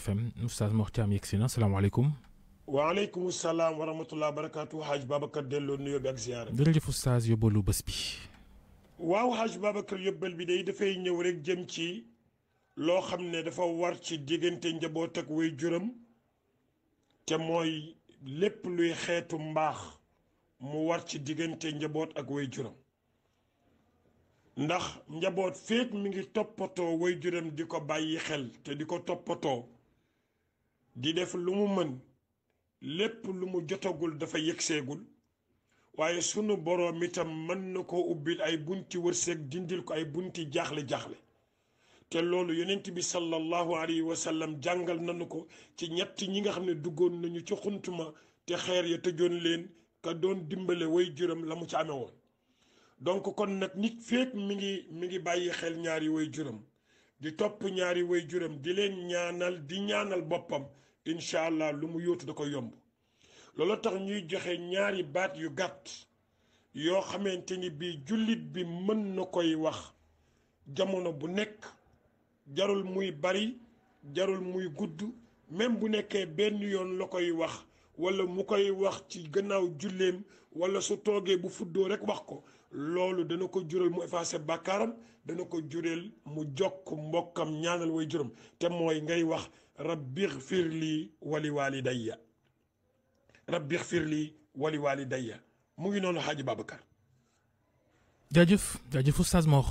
FM Oustaz Mor Thiam yegsi na salaamaaleykum. waaleykum salaam wa rahmatulah barakaatu Hadj Babacar delloo nuyoo bi ak ziyaara. jërëjëf Oustaz yóbbalu bés bi. waaw Hadj Babacar bi day dafay ñëw rek jëm ci loo xam ne dafa war ci diggante njaboot ak way juram te lépp luy xeetu mbaax mu war ci diggante njaboot ak way juram ndax njaboot féeg mi ngi toppatoo way juram di ko bàyyi xel te di ko toppatoo di def lu mu mën lépp lu mu jotagul dafa yëgseegul waaye sunu boroom itam mën na koo ubbil ay bunti wërsëg dindil ko ay bunti jaaxle-jaaxle te loolu yonent bi sallallahu alayhi wa sallam jàngal nañu ko ci ñett ñi nga xam ne duggoon nañu ci xuntuma te xeer ya tëjoon leen ka doon dimbale way juram la mu ci amee woon donc kon nag nit féeg mi ngi mi ngi bàyyi xel ñaari way juram di topp ñaari way juram di leen ñaanal di ñaanal boppam incha allah lu mu yóotu da ko yomb loolu tax ñuy joxe ñaari baat yu gàtt yoo xamante ni bii jullit bi mën na koy wax jamono bu nekk jarul muy bari jarul muy gudd même bu nekkee benn yoon la koy wax walla mu koy wax ci gannaaw julleem wala su toogee bu fuddoo rekk wax ko loolu dana ko jural mu effacé bàkkaaram dana ko jural mu jokk mbokkam ñaanal way juram te mooy ngay wax rabbiix xfir lii wali walidayya rabbi xfir lii wali walidayya mu ngi noonu xaaj Babacar jaajëf jaajëf oustaz Mor